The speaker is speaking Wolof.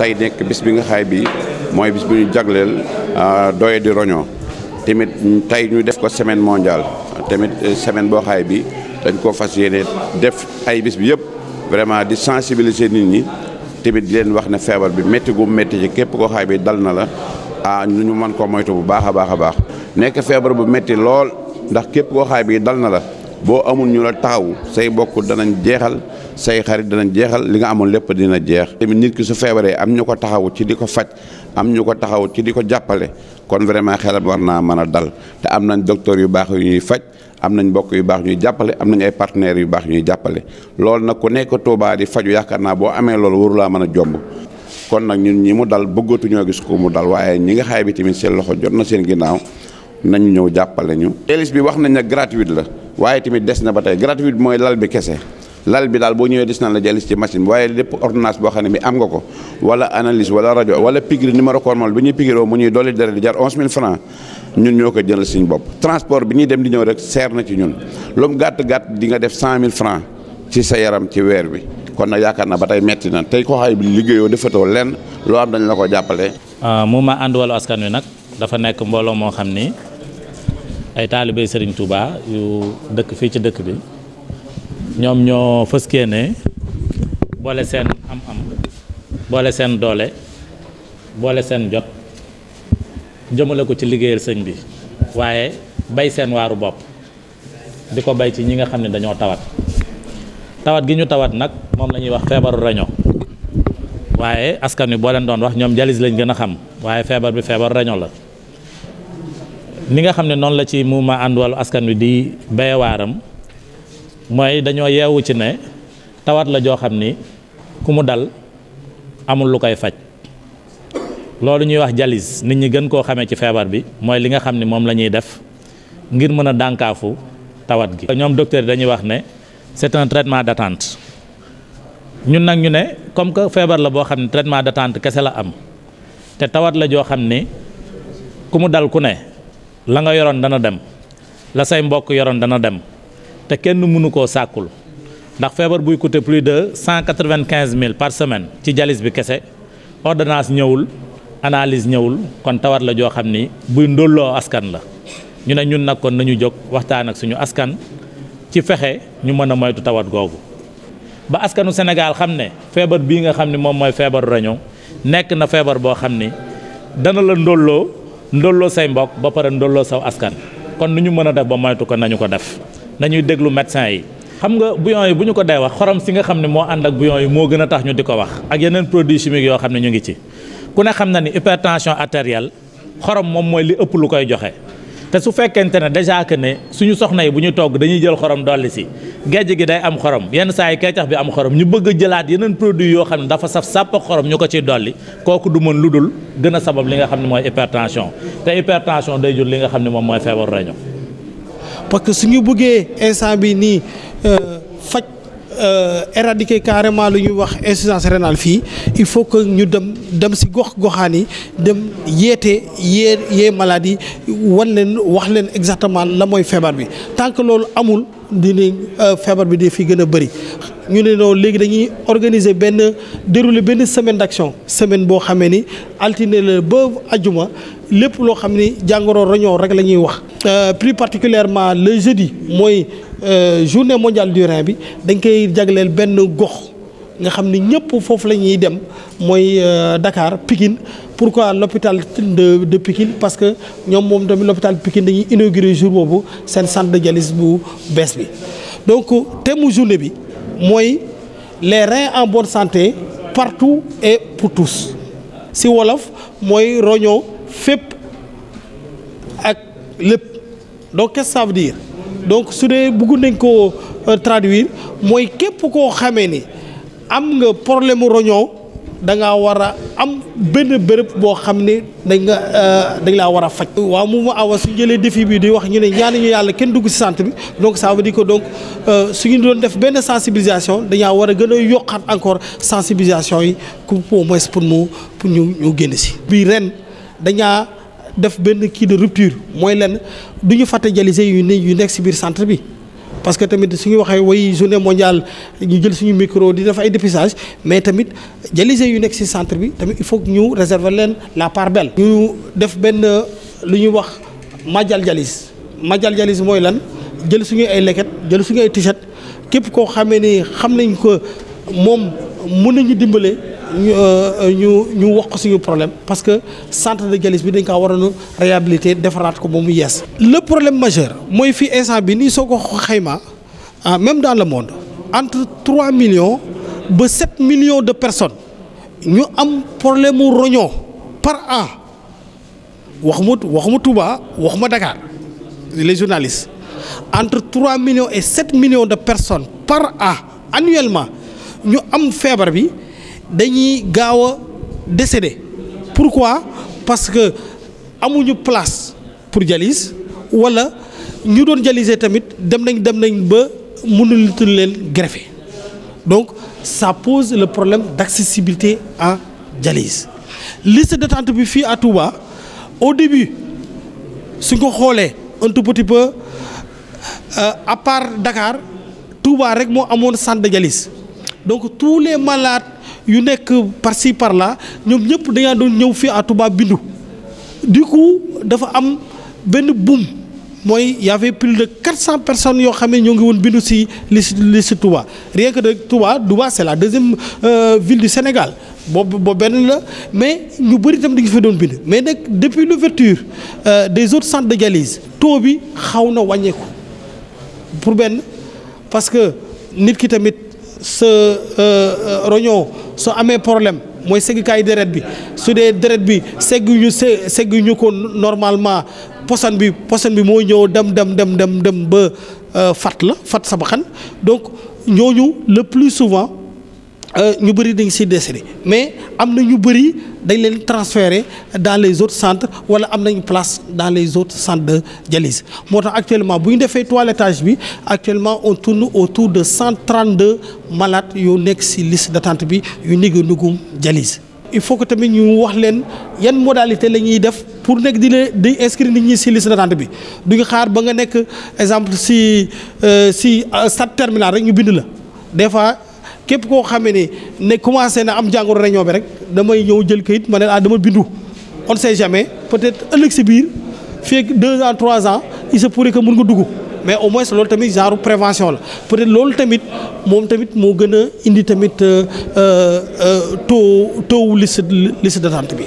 tey nekk bis bi nga xaay bi mooy bis bu ñu jagleel euh, doye di roño tamit tey ñu def ko semaine mondiale tamit euh, semaine boo xaay bi dañ koo fas yéene def ay bis bi yëpp vraiment di sensibiliser nit ñi tamit di wax na feebar bi métti gu métti ci képp koo xaay bi dal na la ah ñu ñu mën koo moytu bu baax a baax a baax nekk feebar bu métti lool ndax képp koo bi dal na la boo amul ñu la taxaw say bokk danañ jeexal say xarit danañ jeexal li nga amoon lépp dina jeex. tamit nit ki su feebaree am ñu ko taxawu ci di ko faj am ñu ko taxawu ci di ko jàppale kon vraiment xelam war naa mën a dal te am nañ docteur yu baax yu ñuy faj. am nañ mbokk yu baax ñuy jàppale am nañ ay partenaires yu baax ñuy jàppale lool na ku nekk Touba di faju yaakaar naa boo amee loolu warulaa mën a jomb kon nag ñun ñi mu dal bëggatu ñoo gis ko mu dal waaye ñi nga xaay bi tamit seen loxo jot na seen ginnaaw nañu ñëw jàppale ñu. Elis bi wax nañ ne gratuite la waaye tamit des na ba tey gratuite bi mooy lal bi kese. lal bi daal boo ñëwee des la jalis ci machine waaye lépp ordonnance boo xam ne bi am nga ko wala analyse wala rajo wala pigir numéro cormal bi ñuy pigiroo mu ñuy dolli dara di jar 11000 francs ñun ñoo ko jëlal suñu bopp transport bi ñuy dem di ñëw rek seer na ci ñun lu gàtt gàtt di nga def 100000 francs ci sa yaram ci weer bi kon nag yaakaar na ba tey metti na tey ko xay bi liggéeyoo defatoo lenn loo am dañ la ko jàppale. Ah, mu ma ànd wàllu askan wi nag dafa nekk mbooloo moo xam ni ay taalibey Serigne Touba yu dëkk fii ci dëkk bi. ñoom ñoo fëskee ne boole seen am-am boole seen doole boole seen jot jëmale ko ci liggéeyal sëñ bi waaye bay seen waaru bopp di ko bay ci ñi nga xam ne dañoo tawat tawat gi ñu tawat nag moom la ñuy wax feebaru raño waaye askan wi boo leen doon wax ñoom jalis lañ gën a xam waaye feebar bi feebaru raño la ni nga xam ne noonu la ci mouvement ànd askan wi di baye waaram mooy dañoo yeewu ci ne tawat la joo xam ni ku mu dal amul lu koy faj loolu ñuy wax jalis nit ñi gën koo xamee ci feebar bi mooy li nga xam ni moom la ñuy def ngir mën a dànkaafu tawat gi. ñoom docteur yi dañuy wax ne c'est un traitement d'attente ñun nag ñu ne comme que feebar la boo xam ne traitement d'attente kese la am te tawat la joo xam ni ku mu dal ku ne la nga yoroon dana dem la say mbokk yoroon dana dem. te kenn mënu koo sàkkul ndax feebar buy coûter plus de cent quatre-vingt-quinze mille par semaine ci jalis bi kese ordonnance ñëwul analyse ñëwul kon tawat la joo xam ni buy ndolloo askan la ñu ne ñun nag kon nañu jóg waxtaan ak suñu askan ci fexe ñu mën a moytu tawat googu ba askanu Sénégal xam ne feebar bii nga xam ne moom mooy feebaru raño nekk na feebar boo xam ni dana la ndolloo ndolloo say mbokk ba pare ndolloo saw askan kon nu ñu mën a def ba moytu ko nañu ko def nañuy déglu médecin yi xam nga buyon yi bu ñu ko dee wax xorom si nga xam ne moo ànd ak buyon yi moo gën a tax ñu di ko wax ak yeneen produit chimique yoo xam ne ñu ngi ci ku ne xam na ni hypertension artérielle xorom moom mooy li ëpp lu koy joxe te su fekkente ne déjà que ne suñu soxna yi bu ñu togg dañuy jël xorom dolli si gejj gi day am xorom yenn saa yi kecax bi am xorom ñu bëgg jëlaat yeneen produit yoo xam ne dafa saf sàpp xorom ñu ko ciy dolli kooku du mën lu dul gën a sabab li nga xam ne mooy hypertension te hypertension day jur li nga xam ne moom mooy feebaru reño parce que suñu buggee instant bi nii euh, faj euh, éradiquer carrément lu ñuy wax insuffisance rénale fii il faut que ñu dem dem si gox goxaan yi dem yéete yee yee maladie wan leen wax leen exactement la mooy feebar bi tant que loolu amul dinañ euh, feebar bi di fi gën a bëri. ñu ne noonu léegi dañuy organiser benn dérouler benn semaine d'action semaine boo xamee ni altine la ba ajuma lépp loo xam ni jàngoro roñoo rek la ñuy wax. Euh, plus particulièrement le jeudi mooy euh, journée mondiale du rein bi dañ koy jagleel benn gox nga xam ni ñëpp foofu la ñuy dem mooy euh, Dakar Pikine pourquoi l'hôpital de de Pikine parce que ñoom moom tamit l'hôpital Pikine dañuy inauguré jour boobu seen centre de dialyse bu bees bi. donc thème mu journée bi mooy les reins en bonne santé partout et pour tous si wolof mooy roñoo fépp ak lépp. donc qu'est-ce que donc su dee bëggu nañ koo euh, traduire mooy képp koo xamee ni am nga problème mu roñoo da ngaa war a am benn bërëb boo xam ne dañ nga euh, dañ laa war a faj. waaw mu ma awa suñ jëlee défi bi di wax ñu ne ñaan ñu yàlla kenn dugg si sant bi donc ça veut dire que donc euh, suñu doon def benn sensibilisation dañaa war a gën a yokkaat encore sensibilisation yi pour au pour mu pour ñu ñu génn si. bi ren dañaa. def benn kii de rupture mooy lenn du ñu fàtte dialysé yu ne yu nekk si biir centre bi. parce que tamit suñu waxee way journée mondiale ñu jël suñu micro di def ay dépistage mais tamit dialysé yu nekk si centre bi tamit il faut ñu réserver leen la part belle. ñu def benn lu ñuy wax majal dialyse majal dialyse mooy lan jël suñu ay leket jël suñu ay t képp koo xamee ni xam nañ ko moom mun nañu dimbale. ñu euh, ñu ñu wax ko suñu problème parce que centre de dialyse bi dañ kaa war a réhabiliter defaraat ko ba mu yees. le problème majeur mooy fii instant bi nii soo ko xaymaa ah, même dans le monde entre trois millions ba sept millions de personnes ñu am problème mu roñoo par an waxuma waxuma Touba waxuma Dakar les journalistes entre trois millions et sept millions de personnes par an annuellement ñu am feebar bi. dañuy gaaw a décédé pourquoi parce que amuñu place pour dialyse wala ñu doon dialyser tamit dem nañ dem nañ ba mënuñu leen greffer donc sa pose le problème d'accessibilité en dialyse liste d'attente bi fii à Touba au début su ko xoolee un tout petit peu euh, à dakaar Dakar Touba rek moo amoon centre jalis donc tous les yu nekk par ci par la ñoom ñëpp dañaa doon ñëw fii à Touba bindu du coup dafa am benn boom mooy y avait plus de 400 personnes yoo xam ne ñoo ngi woon bindu si liste liste Touba rien que de Touba Touba c'est la deuxième euh, ville du Sénégal boobu boobu benn la mais ñu bëri di dañu fa doon bind mais nag depuis l'ouverture euh, des autres centres de dialyse taux bi xaw na wàññeeku pour benn parce que nit ki tamit sa euh, roñoo soo amee problème mooy seggukaayu deret bi su dee deret bi segguñu se segguñu ko normalement posan bi posan bi moo ñëw dem dem dem dem dem ba euh, fat la fat sabaxan donc ñooñu le plus souvent. Euh, ñu bëri dañ si décédé mais am na ñu bëri dañ leen transféré dans les autres centres wala am nañ place dans les autres centres de dialyse moo tax actuellement bu ñu defee toilettage bi actuellement on tourne autour de 132 malades yoo nekk si liste d'attente bi yu néegu nugum dialyse il faut que tamit ñu wax leen yan modalité la ñuy def pour nekk di la di inscrire nit ñi si liste d'attente bi du ñu xaar ba nga nekk exemple si euh, si euh, stade terminal rek ñu bind la képp koo xamee ne ne commencé na am jàngoro réunion bi rek damay ñëw jël kayit ma ne ah dama bindu on sait jamais peut-être ëllëg si biir fekk deux ans trois ans il pour pourrait que mun nga dugg mais au moins loolu tamit genre prévention la peut-être loolu tamit moom tamit moo gën a indi tamit euh, euh, euh, taux taux liste liste d'attente bi.